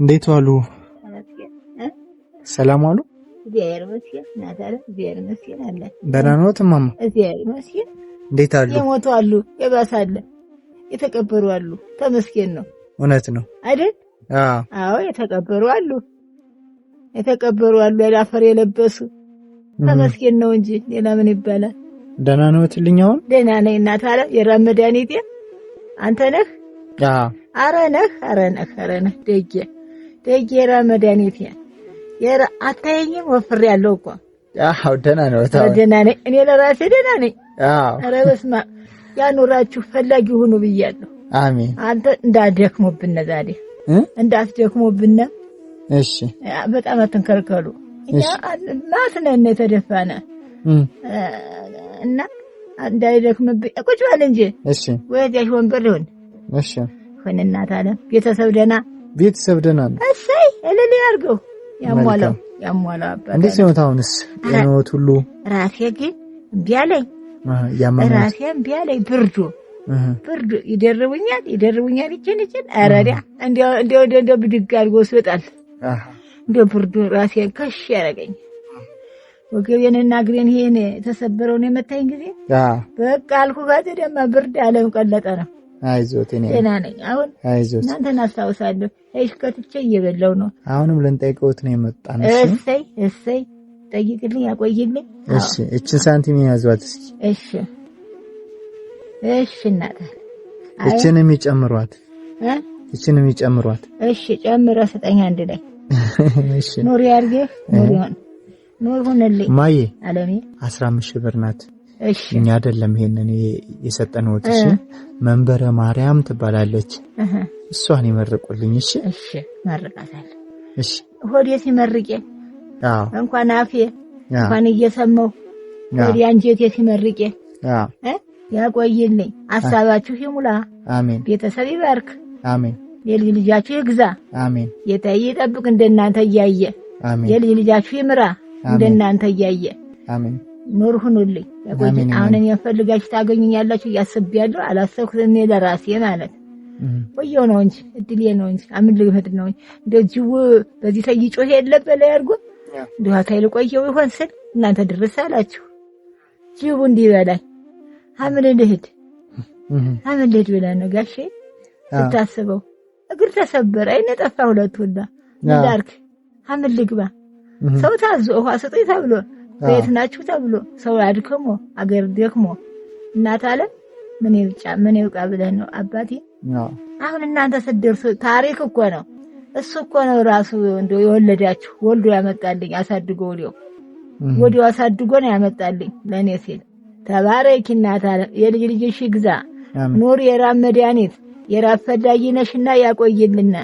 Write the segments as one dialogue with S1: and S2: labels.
S1: እንዴት ዋሉ? ሰላም ዋሉ?
S2: እግዚአብሔር ይመስገን። ናታለ እግዚአብሔር ይመስገን አለ።
S1: ደህና ነዎት እማማ? እንዴት አሉ?
S2: የሞቱ አሉ፣ የባሰ አለ፣ የተቀበሩ አሉ። ተመስገን ነው። እውነት ነው አይደል? አዎ፣ የተቀበሩ አሉ፣ የተቀበሩ አሉ፣ ያላፈር የለበሱ ተመስገን ነው እንጂ ሌላ ምን ይባላል?
S1: ደህና ነዎት ልኝ? አሁን
S2: ደህና ነኝ እናታለ። የራብ መድኃኒቴ አንተ ነህ? አረ ነህ፣ አረ ነህ፣ አረ ነህ ደጌ ደጌራ መድኃኒት የረ አታየኝም? ወፍሬ ያለው እኮ
S1: አዎ፣ ደህና ነው።
S2: ታው ደህና ነኝ እኔ ለራሴ ደህና ነኝ። አዎ፣ ኧረ በስመ አብ ያኑራችሁ፣ ፈላጊ ሁኑ ብያለሁ። አሜን። አንተ እንዳትደክሙብን ዛሬ እንዳትደክሙብን። እሺ፣ በጣም አትንከልከሉ። እኛ ማስነን የተደፋነ እና እንዳይደክምብኝ ቁጭ በል እንጂ። እሺ፣ ወዲያሽ ወንበር ይሁን። እሺ፣ ሁን እናት አለም ቤተሰብ ደህና
S1: ቤተሰብ ደህና ነው?
S2: እሰይ እልል ያርገው ያሟላው ያሟላው አባ
S1: እንዴት ነው ታውንስ ጤናዎት ሁሉ?
S2: ራሴ ግን እምቢ አለኝ። ራሴ እምቢ አለኝ። ብርዱ ብርዱ ይደርቡኛል ይደርቡኛል። ይችን ይችን አረዳ እንዲያው እንዲያው እንዲያው ብድግ አድርጎ ይወጣል። እንደ ብርዱ ራሴን ከሽ ያደረገኝ ወገቤንና እግሬን ይሄን የተሰበረውን የመታኝ ጊዜ በቃ አልኩ። ጋዜ ደማ ብርድ አለም ቀለጠ ነው አይዞት ጤና ነኝ። አሁን እናንተን አስታውሳለሁ። ከትቼ እየበላው ነው።
S1: አሁንም ልንጠይቀውት ነው የመጣ ነው።
S2: እሰይ እሰይ፣ ጠይቅልኝ፣ ያቆይልኝ።
S1: እሺ፣ እችን ሳንቲም የያዟት እስኪ።
S2: እሺ፣ እሺ፣ እናት እሺ፣ ጨምረ ስጠኝ አንድ ላይ።
S1: እሺ፣
S2: ኑሪ አድርጌ ኑሪ ሆን ኑር ማዬ። አለሜ
S1: አስራ አምስት ሺህ ብር ናት። እኛ አይደለም ይሄንን የሰጠን እሺ መንበረ ማርያም ትባላለች። እሷን ይመርቁልኝ። እሺ
S2: እሺ፣ መርቃታለሁ። እሺ ሆዴ ሲመርቄ እንኳን አፌ እንኳን እየሰማው ሆዴ አንጀቴ ሲመርቄ ያቆይልኝ። አሳባችሁ ይሙላ። አሜን። ቤተሰብ ይባርክ። አሜን። የልጅ ልጃችሁ ይግዛ። አሜን። ጌታ ይጠብቅ። እንደናንተ እያየ የልጅ ልጃችሁ ይምራ። እንደናንተ እያየ አሜን። ኑር ሁኑልኝ። አሁን የፈልጋችሁ ታገኙኛላችሁ እያስብ ያለው አላሰብኩት እኔ ለራሴ ማለት ወየው ነው እንጂ እድሌ ነው እንጂ አምን ልግፈት ነው እንጂ እንደዚሁ በዚህ ሰይ ተይጮህ የለበለ ያርጉ እንዲሁ ታይል ቆየው ይሆን ስል እናንተ ድርስ አላችሁ ጅቡ እንዲህ በላይ አምን ልሂድ አምን ልሂድ ብላ ነው ጋሼ
S1: ስታስበው
S2: እግር ተሰበረ፣ አይነ ጠፋ ሁለት ሁለቱና ዳርክ አምን ልግባ ሰው ታዞ ውሃ ስጡኝ ተብሎ ቤት ናችሁ ተብሎ ሰው አድክሞ አገር ደክሞ እናት አለ ምን ይብጫ ምን ይውቃ ብለን ነው አባቴ። አሁን እናንተ ስደርሱ ታሪክ እኮ ነው እሱ እኮ ነው ራሱ የወለዳችሁ ወልዶ ያመጣልኝ አሳድጎ ወዲያው ወዲያው አሳድጎ ነው ያመጣልኝ ለእኔ ሲል ተባረኪ እናት አለ የልጅ ልጅሽ ግዛ ኑር የራብ መድኃኒት የራብ ፈላጊ ነሽና ያቆይልና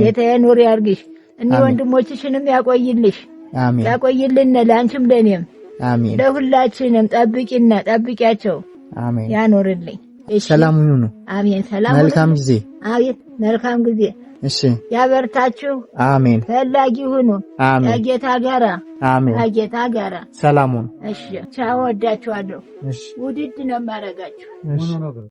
S2: ጌታዬ ኑር ያርግሽ እኔ ወንድሞችሽንም ያቆይልሽ አሜን። ያቆይልን ለአንቺም ለእኔም ለሁላችንም ጠብቂና ጠብቂያቸው አሜን። ያኖርልኝ። ሰላም ይሁኑ። አሜን። ሰላም መልካም ጊዜ። አሜን። መልካም ጊዜ። እሺ ያበርታችሁ። አሜን። ፈላጊ ሁኑ። አሜን። ከጌታ ጋራ አሜን። ከጌታ ጋራ ሰላሙን። እሺ፣ ቻው። ወዳችኋለሁ። ውድድ ነው የማደርጋችሁ።